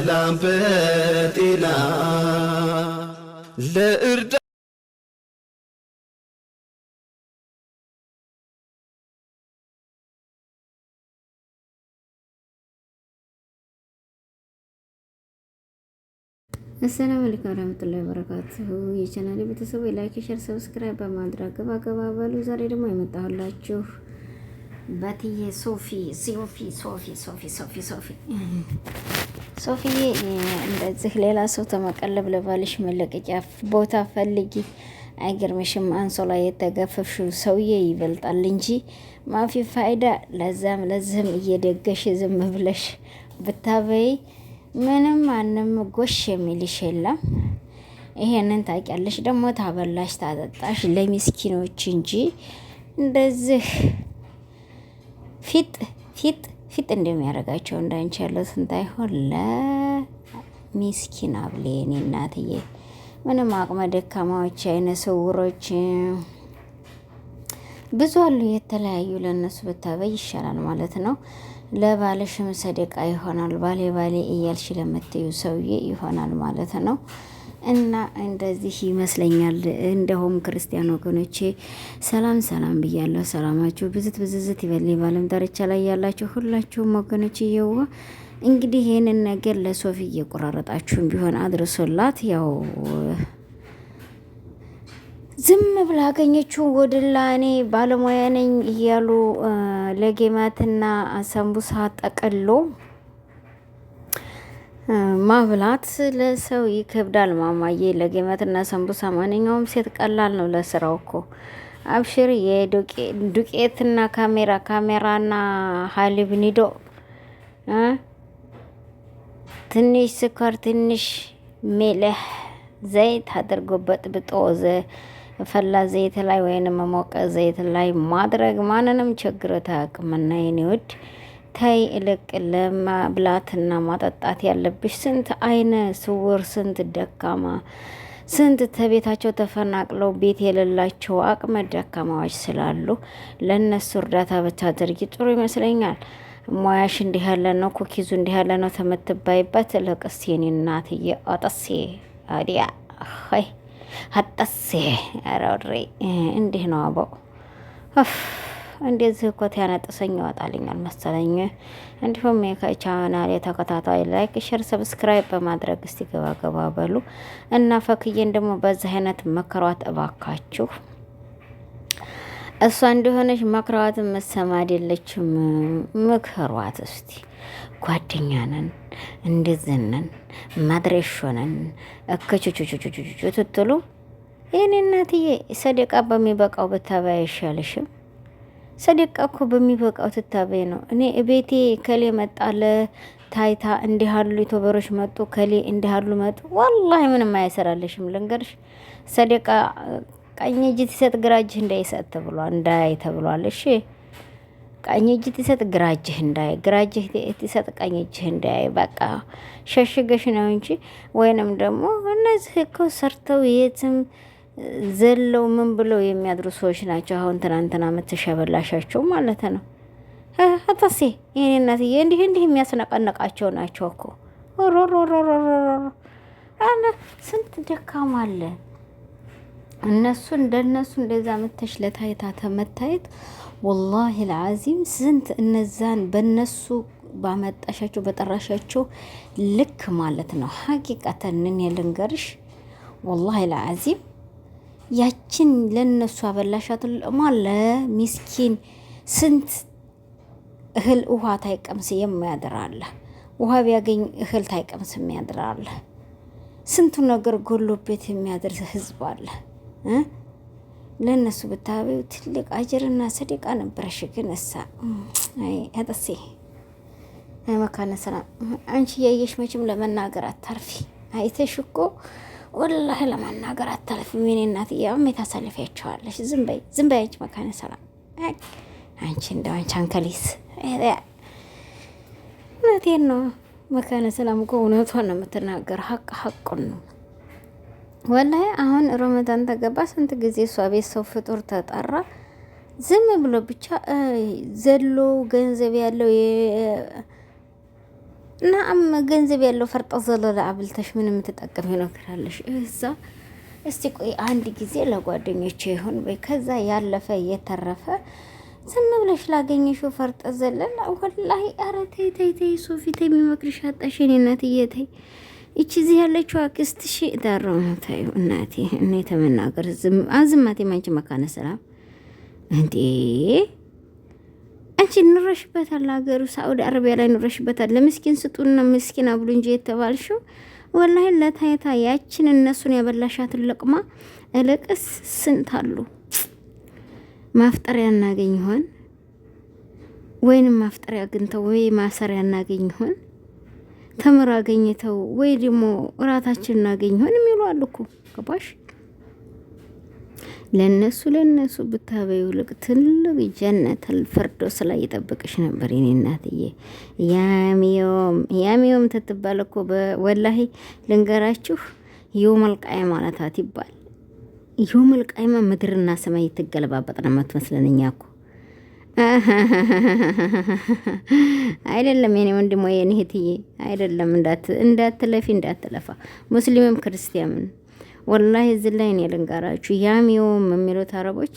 በሰላም በጤና ለእርዳ አሰላም አለይኩም ወራህመቱላሂ ወበረካቱሁ። የቻናሌ ቤተሰቡ ላይክ፣ ሼር፣ ሰብስክራይብ በማድረግ ገባ ገባ በሉ። ዛሬ ደግሞ የመጣሁላችሁ በትዬ ሶፊ ሶፊ ሶፊ ሶፊ ሶፊ ሶፊ ሶፊዬ እንደዚህ ሌላ ሰው ተመቀለብ ለባልሽ መለቀቂያ ቦታ ፈልጊ። አይገርምሽም? አንሶላ የተገፈፍሽው ሰውዬ ይበልጣል እንጂ ማፊ ፋይዳ። ለዛም ለዚህም እየደገሽ ዝም ብለሽ ብታበይ ምንም ማንም ጎሽ የሚልሽ የለም። ይሄንን ታውቂያለሽ። ደግሞ ታበላሽ ታጠጣሽ ለሚስኪኖች እንጂ እንደዚህ ፊጥ ፊጥ ፊት እንደሚያደርጋቸው እንዳንቺ ያለው አይሆን ለሚስኪን አብሌ እኔ እናትዬ ምንም አቅመ ደካማዎች፣ አይነ ስውሮች ብዙ አሉ። የተለያዩ ለእነሱ ብታበይ ይሻላል ማለት ነው። ለባለሽም ሰደቃ ይሆናል። ባሌ ባሌ እያልሽ ለምትዩ ሰውዬ ይሆናል ማለት ነው። እና እንደዚህ ይመስለኛል። እንደውም ክርስቲያን ወገኖቼ ሰላም ሰላም ብያለሁ። ሰላማችሁ ብዝት ብዝዝት ይበል። ባለም ዳርቻ ላይ ያላችሁ ሁላችሁም ወገኖች እየዋ እንግዲህ ይህንን ነገር ለሶፊ እየቆራረጣችሁም ቢሆን አድርሶላት ያው ዝም ብላ አገኘችው ወደላ እኔ ባለሙያ ነኝ እያሉ ለጌማትና ሰንቡሳ ጠቀሎ ማብላት ለሰው ይከብዳል ማማዬ። ለገመትና ሰንቡሳ ማንኛውም ሴት ቀላል ነው ለስራው እኮ አብሽር። የዱቄትና ካሜራ ካሜራና ሀሊብ ኒዶ፣ ትንሽ ስኳር፣ ትንሽ ሜልህ ዘይት አድርጎበት ብጦዘ ፈላ ዘይት ላይ ወይንም ሞቀ ዘይት ላይ ማድረግ ማንንም ችግር ታቅምና የኔ ውድ ተይ እልቅ ለማብላትና ማጠጣት ያለብሽ ስንት አይነ ስውር ስንት ደካማ ስንት ተቤታቸው ተፈናቅለው ቤት የሌላቸው አቅመ ደካማዎች ስላሉ ለእነሱ እርዳታ ብታደርጊ ጥሩ ይመስለኛል። ሙያሽ እንዲህ ያለ ነው፣ ኩኪዙ እንዲህ ያለ ነው ተመትባይበት ለቅስ የኔ እናትዬ አጠሴ አዲያ ሀይ አጠሴ ረሬ እንዲህ ነው አበው እንደዚህ እኮ ያነጥሰኝ ይወጣልኛል መሰለኝ። እንዲሁም የቻናል የተከታታይ ላይክ፣ ሸር፣ ሰብስክራይብ በማድረግ እስቲ ገባ ገባ በሉ እና ፈክዬን ደግሞ በዚህ አይነት መከሯት እባካችሁ። እሷ እንደሆነች መክሯት መሰማ አይደለችም። ምክሯት እስቲ ጓደኛነን እንድዝነን እንደዚህ ነን እከቹቹቹቹቹቹ ትትሉ ይህን እናትዬ ሰደቃ በሚበቃው ብታበያ አይሻልሽም? ሰደቃ እኮ በሚበቃው ትታበይ ነው። እኔ እቤቴ ከሌ መጣለ ታይታ እንዲህ አሉ ቶበሮች መጡ ከሌ እንዲህ አሉ መጡ። ወላሂ ምንም አያሰራለሽም። ልንገርሽ ሰደቃ ቀኝ እጅ ትሰጥ ግራ እጅህ እንዳይሰጥ ተብሏል፣ እንዳይ ተብሏል። እሺ ቀኝ እጅ ትሰጥ ግራ እጅህ እንዳይ፣ ግራ እጅህ ትሰጥ ቀኝ እጅህ እንዳይ። በቃ ሸሽገሽ ነው እንጂ ወይንም ደግሞ እነዚህ እኮ ሰርተው የትም ዘለው ምን ብለው የሚያድሩ ሰዎች ናቸው። አሁን ትናንትና የምትሸበላሻቸው ማለት ነው። አታሴ ይህኔ እናትዬ እንዲህ እንዲህ የሚያስነቀነቃቸው ናቸው እኮ አለ። ስንት ደካማ አለ። እነሱ እንደነሱ እንደዛ መተሽ ለታይታ ተመታየት ወላሂ ልዓዚም ስንት እነዛን በነሱ ባመጣሻቸው በጠራሻቸው ልክ ማለት ነው። ሀቂቃተንን የልንገርሽ ወላሂ ልዓዚም ያችን ለነሱ አበላሻት ማለ ሚስኪን ስንት እህል ውሃ ታይቀምስ የሚያድራለ ውሃ ቢያገኝ እህል ታይቀምስ የሚያድራለ ስንቱ ነገር ጎሎቤት የሚያድር ህዝብ አለ። ለእነሱ ብታቢው ትልቅ አጅርና ሰደቃ ነበረሽ። ግን እሳ ያጠሴ መካነ ሰላም አንቺ እያየሽ መቼም ለመናገር አታርፊ። አይተሽ እኮ ወላህ ለማናገር አታልፊ። የእኔ እናትዬ አሜ ታሳልፊያቸዋለሽ። ዝም በይ ዝም በይ አንቺ መካነ ሰላም አንቺ እንደው አንቺ አንከሊስ እውነቴን ነው። መካነ ሰላም እኮ እውነቷን ነው የምትናገር። ሀቅ ሀቁን ነው ወላሂ። አሁን ረመዳን ተገባ ስንት ጊዜ እሷ ቤት ሰው ፍጡር ተጠራ ዝም ብሎ ብቻ ዘሎ ገንዘብ ያለው ናም ገንዘብ ያለው ፈርጣ ዘለላ አብልተሽ ምን የምትጠቀሚው ነገር እዛ እስቲ ቆይ አንድ ጊዜ ለጓደኞቼ ይሁን ወይ ከዛ ያለፈ እየተረፈ ዝም ብለሽ ላገኘሽው ፈርጠ ዘለላ ወላሂ፣ ኧረ ተይ ተይ ተይ፣ ሶፊ ተይ፣ የሚመክርሽ አጣሽ። እኔ እናትዬ ተይ፣ ይቺ እዚህ ያለችው አክስትሽ ዳሮ ተይ፣ እናቴ እኔ ተመናገር ዝም አዝማቴ፣ ማንቺ መካነ ሰላም እንዴ አንቺ እንረሽበታል ሀገሩ ሳኡዲ አረቢያ ላይ እንረሽበታል። ለምስኪን ስጡና ምስኪን አብሉ እንጂ የተባልሽው ወላሂ ለታይታ ያችን እነሱን ያበላሻትን ለቅማ እልቅስ ስንት አሉ። ማፍጠሪያ እናገኝ ይሆን ወይንም ማፍጠሪያ አግኝተው ወይ ማሰሪያ እናገኝ ይሆን ተምር አገኝተው ወይ ደግሞ እራታችን እናገኝ ይሆን የሚሉ አሉ እኮ ገባሽ? ለነሱ ለነሱ ብታበዩ ልቅ ትልቅ ጀነት ፍርዶስ ላይ የጠበቅሽ ነበር የኔ እናትዬ። ያሚዮም ያሚዮም ትትባል እኮ ወላሂ ልንገራችሁ፣ ዮመል ቃይማ ማለታት ይባል ዮመል ቃይማ ምድርና ሰማይ የትገለባበጥ ነው የምትመስለን እኛ እኮ አይደለም የኔ ወንድሞ የኔ እህትዬ፣ አይደለም እንዳትለፊ እንዳትለፋ ሙስሊምም ክርስቲያንም ወላሂ እዚህ ላይ እኔ ልንገራችሁ ያም ይውም የሚሉት አረቦች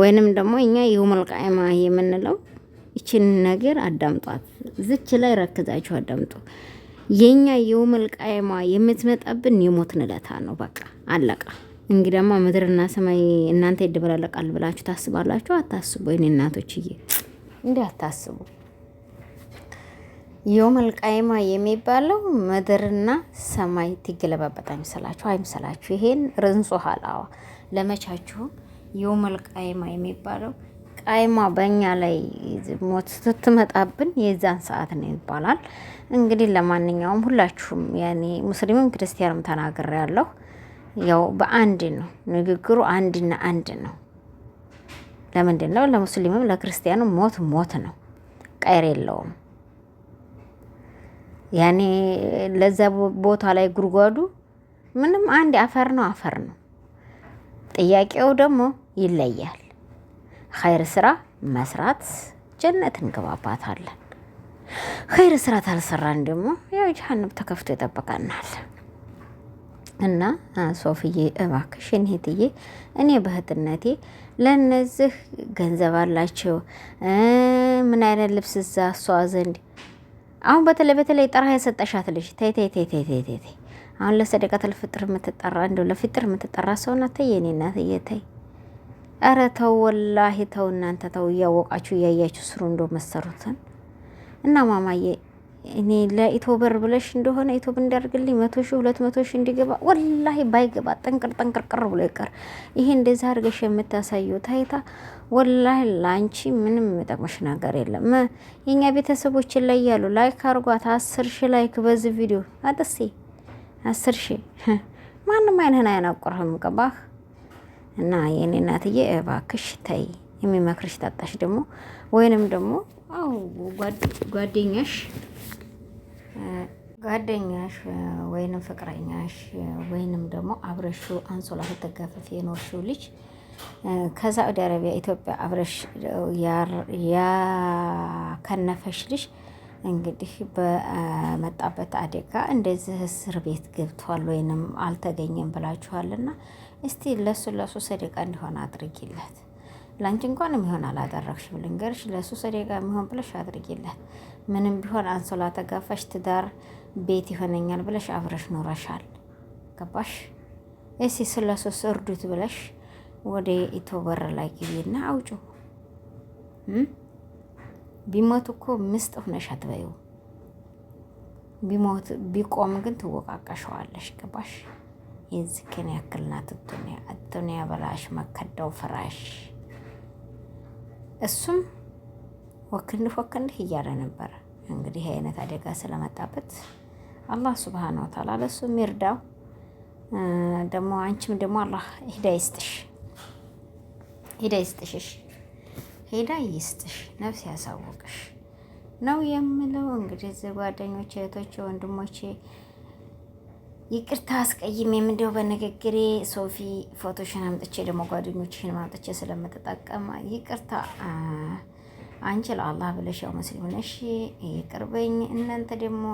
ወይንም ደግሞ እኛ ይውመል ቃይማ የምንለው ይችን ነገር አዳምጧት። ዝች ላይ ረክዛችሁ አዳምጡ። የእኛ የውመል ቃይማ የምትመጣብን የሞትን ዕለታ ነው። በቃ አለቃ። እንግዲያማ ምድርና ሰማይ እናንተ ይደበላለቃል ብላችሁ ታስባላችሁ? አታስቡ። ይኔ እናቶችዬ እንዲህ አታስቡ። የውመል ቃይማ የሚባለው ምድርና ሰማይ ትገለባበጥ አይምሰላችሁ፣ አይምሰላችሁ። ይሄን ርንጹ ሀላዋ ለመቻችሁም የውመል ቃይማ የሚባለው ቃይማ በእኛ ላይ ሞት ስትመጣብን የዛን ሰዓት ነው ይባላል። እንግዲህ ለማንኛውም ሁላችሁም ያኔ ሙስሊምም ክርስቲያንም ተናግሬ ያለሁ ያው በአንድ ነው ንግግሩ፣ አንድና አንድ ነው። ለምንድን ነው ለሙስሊምም ለክርስቲያንም ሞት ሞት ነው፣ ቀይር የለውም። ያኔ ለዛ ቦታ ላይ ጉድጓዱ ምንም አንድ አፈር ነው፣ አፈር ነው። ጥያቄው ደግሞ ይለያል። ኸይር ስራ መስራት ጀነት እንገባባታለን። ኸይር ስራ ታልሰራን ደግሞ ያው ጀሀነም ተከፍቶ ይጠበቀናል። እና ሶፍዬ እባክሽ እህትዬ፣ እኔ በእህትነቴ ለእነዚህ ገንዘብ አላቸው ምን አይነት ልብስ እዛ እሷ ዘንድ አሁን በተለይ በተለይ ጠራ የሰጠሻት ልጅ ተይ ተይ ተይ ተይ ተይ ተይ። አሁን ለሰደቀተል ፍጥር የምትጠራ እንደው ለፍጥር የምትጠራ ሰው ናት። ተይ የኔ እናት ተይ። ኧረ ተው ወላሂ ተው፣ እናንተ ተው። እያወቃችሁ እያያችሁ ስሩ እንደው መሰሩትን እና ማማዬ እኔ ለኢትዮ ብለሽ እንደሆነ ኢቶብ እንዳርግልኝ መቶ ሺ ሁለት መቶ ሺ እንዲገባ ወላሂ ባይገባ ጠንቅር ጠንቅርቅር ብሎ ይቀር። ይሄ እንደዛ አድርገሽ የምታሳየው ታይታ ወላሂ ለአንቺ ምንም የሚጠቅመሽ ነገር የለም። የእኛ ቤተሰቦችን ላይ ያሉ ላይክ አርጓት፣ አስር ሺ ላይክ በዚህ ቪዲዮ አጥሴ አስር ሺ ማንም አይነህን አያናቁርህም። ቅባህ እና የኔ እናትዬ እባክሽ ተይ፣ የሚመክርሽ ታጣሽ ደግሞ ወይንም ደግሞ አው ጓደኛሽ ጓደኛሽ ወይንም ፍቅረኛሽ ወይንም ደግሞ አብረሹ አንሶላ ተጋፈፍ የኖርሽው ልጅ ከሳዑዲ አረቢያ ኢትዮጵያ አብረሽ ያከነፈሽ ልጅ እንግዲህ በመጣበት አደጋ እንደዚህ እስር ቤት ገብቷል ወይንም አልተገኘም ብላችኋልና፣ እስቲ ለሱ ለሱ ሰደቃ እንዲሆን አድርጊለት። ላንቺ እንኳን የሚሆን አላደረግሽ ልንገርሽ፣ ለእሱ ሰደጋ የሚሆን ብለሽ አድርጊለት። ምንም ቢሆን አንሶላ ተጋፋሽ፣ ትዳር ቤት ይሆነኛል ብለሽ አብረሽ ኖረሻል። ገባሽ? እሲ ስለ ሶስት እርዱት ብለሽ ወደ ኢቶ በር ላይ ግቢና አውጩ። ቢሞት እኮ ምስጥ ሁነሽ አትበይው። ቢሞት ቢቆም ግን ትወቃቀሸዋለሽ። ገባሽ? የዚህን ያክል ናት ዱንያ። ዱንያ በላሽ መከዳው ፍራሽ እሱም ወክንህ ወክንህ እያለ ነበር። እንግዲህ አይነት አደጋ ስለመጣበት አላህ ስብሓን ወተዓላ ለእሱ ሚርዳው ደግሞ አንቺም ደግሞ አላህ ሂዳ ይስጥሽ፣ ሂዳ ይስጥሽሽ፣ ሂዳ ይስጥሽ፣ ነፍስ ያሳውቅሽ ነው የምለው። እንግዲህ ጓደኞቼ፣ እህቶቼ፣ ወንድሞቼ ይቅርታ አስቀይሜም የምንደው በንግግሬ ሶፊ ፎቶሽን አምጥቼ ደግሞ ጓደኞችሽን አምጥቼ ስለምትጠቀም ይቅርታ፣ አንቺ ለአላህ ብለሽ ያው ሙስሊም ነሽ ይቅርበኝ፣ እናንተ ደግሞ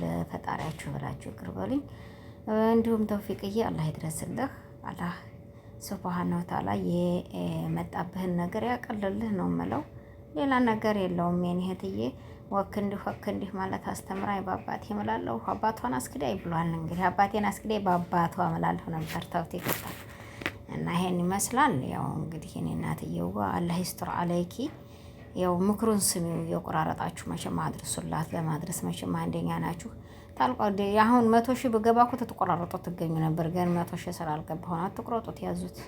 ለፈጣሪያችሁ ብላችሁ ይቅርበልኝ። እንዲሁም ተውፊቅዬ አላህ ይድረስልህ። አላህ ስብሃነ ወተዓላ የመጣብህን ነገር ያቀልልህ ነው የምለው፣ ሌላ ነገር የለውም የኔ እህትዬ። ወክንድህ ወክንድህ ማለት አስተምራ በአባቴ እምላለሁ። አባቷን አስክዳይ ብሏል። እንግዲህ አባቴን አስክዳይ በአባቷ እምላለሁ ነበር ተውት ይቅርታ። እና ይሄን ይመስላል። ያው እንግዲህ እኔ እናትየዋ አላህ ይስጥር አለይኪ። ያው ምክሩን ስሚው የቆራረጣችሁ መቼም አድርሱላት። ለማድረስ መቼም አንደኛ ናችሁ። ታልቆ አሁን መቶ ሺህ ብገባ እኮ ተቆራረጦ ትገኙ ነበር፣ ግን መቶ ሺህ ስላልገባ ሆነ አትቆረጡት፣ ያዙት።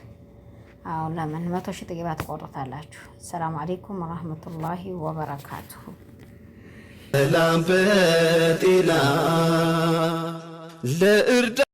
አሁን ለምን መቶ ሺህ ጥቂባ ትቆርጡታላችሁ? ሰላም አለይኩም ወራህመቱላሂ ወበረካቱሁ። ሰላም በጤና ለእርዳ